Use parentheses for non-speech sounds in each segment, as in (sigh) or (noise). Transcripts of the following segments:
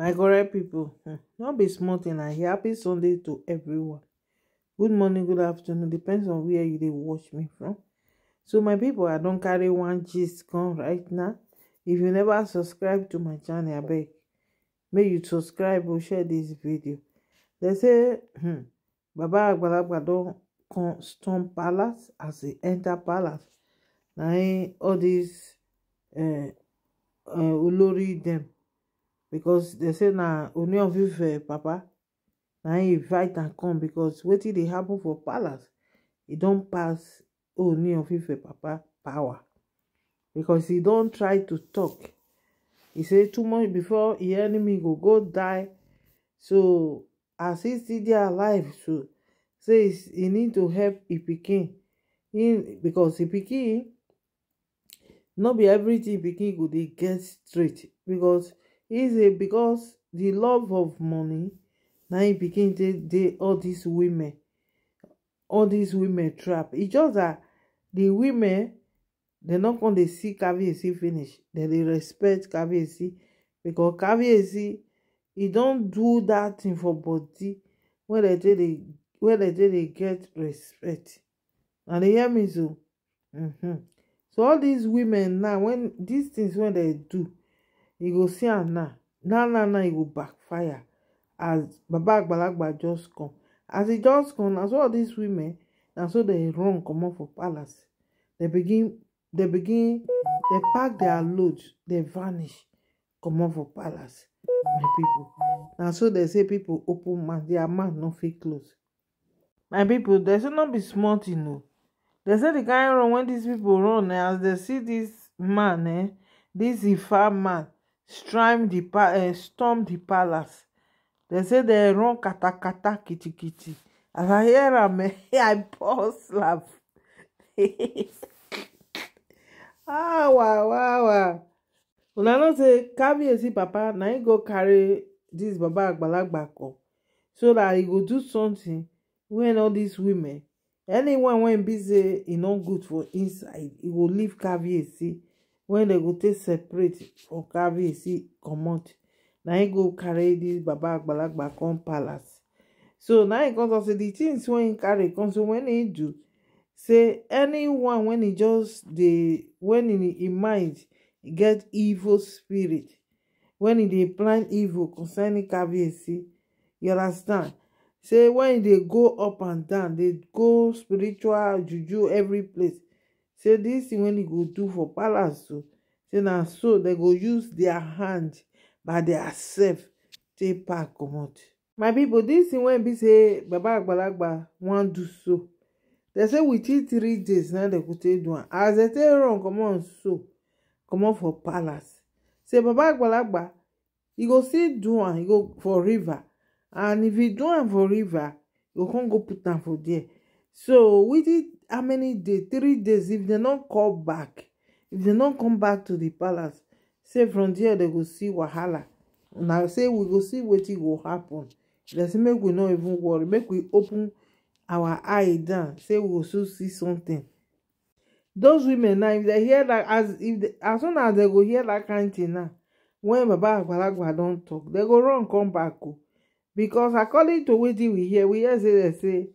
my correct people, hmm, no be small tin na happy sunday to everyone good morning good afternoon depends on where you dey watch me from so my people, i don't carry one cheese. come right now if you never subscribe to my channel abeg may you subscribe or share this video They say hmm, baba agbalagba come storm palace as e enter palace na all these, uh, uh, eh, ulori them because dem say na only view ife papa na im invite am come because wetin dey happen for palace e don pass only view ife papa power because e don try to talk e say too much before e enemy go go die so as he still dey alive so say he need to help e pikin because e pikin no be everything pikin go dey get straight because Is it because the love of money Now he begin dey dey all these women all these women trap e just that the women dem not come to see kabiyesi finish dem dey respect kabiyesi because kabiyesi he don't do that thing for body wey they take dey wey they take dey get respect And dey hear me so mm -hmm. so all these women now when these things when they do you go see am now now now now e go backfire as baba agbalagba just come as e just come na so all these women na so dem run comot for palace dem begin dem begin dem pack their load dem vanish comot for palace my people, na so dem say people open mouth their mouth no fit close my people, dem say no be small tin o oh. dem say the kain run wey these people run eh as dem see this man eh this ifa man Storm the uh, eh, storm the palace They say they run kata kata katakata kitikiti as i hear am eh, (laughs) i pause laugh (laughs) Ah wow wow wawa una not say kabiyesi papa Now you go carry this baba agbalagba come so that he go do something wey all these women anyone when busy, it e not good for inside e will leave kabiyesi wey dem go take separate for kabiyesi comot na him go carry dis baba agbalagba come palace so na him come talk say the things wey him carry come so when him do say anyone when he just dey when in him mind get evil spirit when he dey plan evil concerning kabiyesi you understand say when e dey go up and down dey go spiritual juju every place say this thing when e go do for palace o say na so they go use their hand by diasef take pack comot my people, this thing when be say baba agbalagba wan do so They say within three days na they go take do am as dem take run comot so comot for palace say baba agbalagba e go still do am go for river and if he do am for river he go come go put am for there so within how many days three days if they don't call back if they don't come back to the palace say from there they will see wahala na say we will see what wetin will happen Let's make we not even worry make we open our eye down say we will soon see something those women now if they hear that as if they, as soon as they go hear that kind thing now when baba agbalagba don't talk they go run come back o oh. because according to wetin we hear we hear say dem say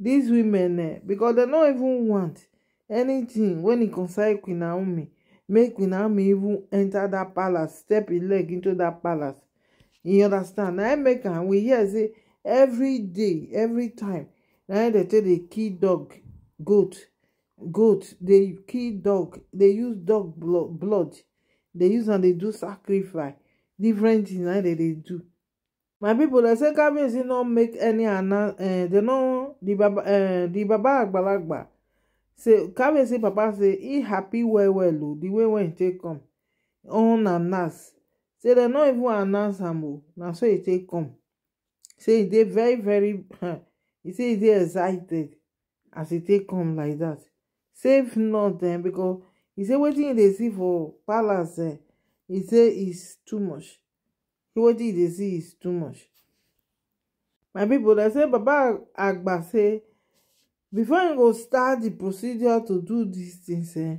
These women eh, because they no even want anything when e concern queen naomi make queen naomi even enter that palace step his leg into that palace you understand Now I make am we hear say every day every time Now they tell the dey dog goat goat They kill dog They use dog blood They use and they do sacrifice different things Now im dey do my people dem say kabiyesi no make any announce uh, dem no the baba uh, the baba agbalagba say kabiyesi papa say he happy well well o oh, the way wey he take come on announce say dem no even announce am o oh, na so he take come say he dey very very (laughs) he say he dey excited as he take come like that save not dem because he say wetin he dey see for palace eh he say is too much wetin you dey see is too much my pipo dem say baba agba say before im go start di procedure to do dis tins eh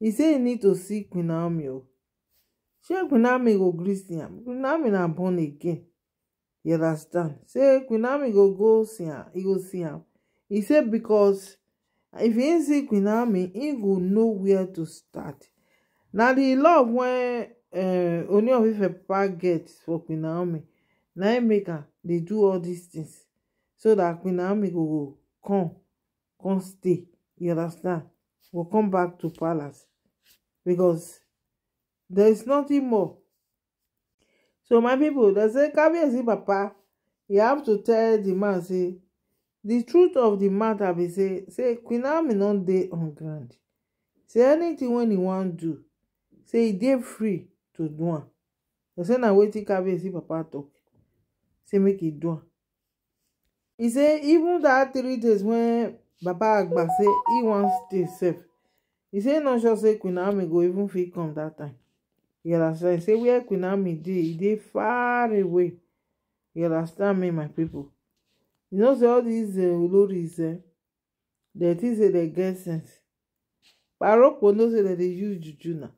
e say e need to see queen naomi o oh. shey queen naomi go gree see am queen naomi na born again you understand say queen naomi go go see am e go see say becos if im see queen naomi im go know wia to start na di love wey uh, eh, Ooni of Ife papa get for Queen Naomi na make am dey do all these things so that Queen Naomi go, come come stay you understand Will come back to palace because there is nothing more so my people they say Kabiyesi papa you have to tell the man say the truth of the matter be say say Queen Naomi no dey on ground say anything when he wan do say he dey free to do am so say na wetin kabiyesi papa talk say make e do am e say even dat three days wen baba agba say e wan stay sef e say no sure say queen naomi go even fit come that time you understand say where queen naomi dey e dey far away you understand me my people. you know say all these dis eh, oloris eh dem think say dem get sense paroko no say dem dey use juju na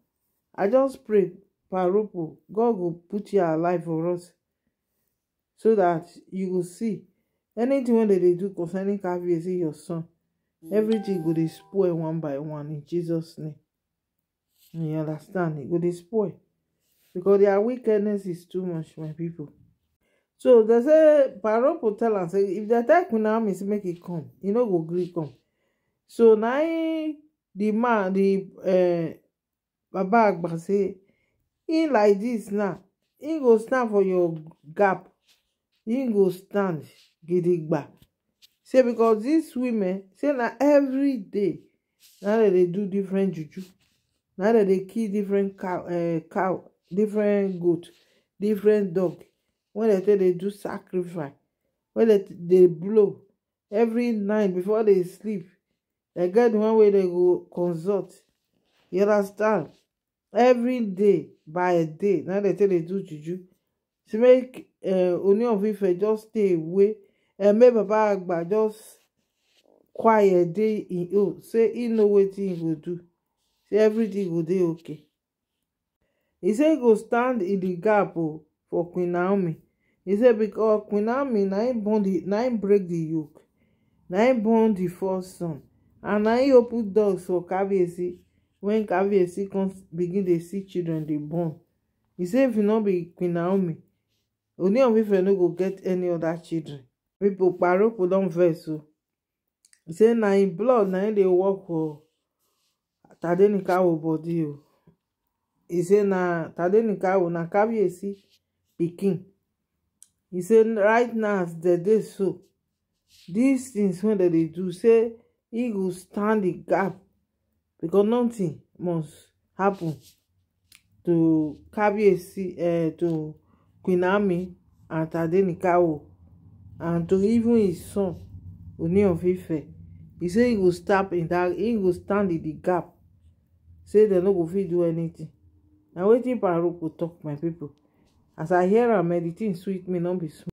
i just pray Marupo, God will put your life for us. So that you will see. Anything when they do concerning see your son, everything will dey spoil one by one in Jesus' name. You understand? It e will dey spoil. Because their wickedness is too much, my people. so they say parole tell and say if dem attack queen naomi say make it e come You e know, go greet come so now the di man di eh, baba agba say In like this now him go stand for your gap him go stand gidigba say because dis women say na day Now that they do different juju Now that they kill different cow eh, cow different goat different dog When they say they do sacrifice When they they blow every night before they sleep They get one way they go consult you understand every day by day na dem take dey do juju say make eh, Ooni of Ife just stay away and eh, make Baba Agba just quiet day in. own say e know what he will do say everything will be okay He said e go stand in the gap o oh, for Queen Naomi He said because Queen Naomi na im born break the yoke na im born the first son and na open doors for Kabiyesi wen Kabiyesi come begin dey see children they born he say if e no be Queen Naomi Only of Ife no go get any other children pipo kparoko don vex o e say na im blood now they walk. work for Tadenikawo body o he say na Tadenikawo na Kabiyesi pikin He say right now as dem dey so these things when they do say he will stand the gap because nothing must happen to kabiyesi uh, to queen naomi and tadenikawo and to even his son oni of ife he say he go stop in that he go stand in the gap say dem no go fit do anything na wetin paroko talk my people as i hear am eh sweet me no be small.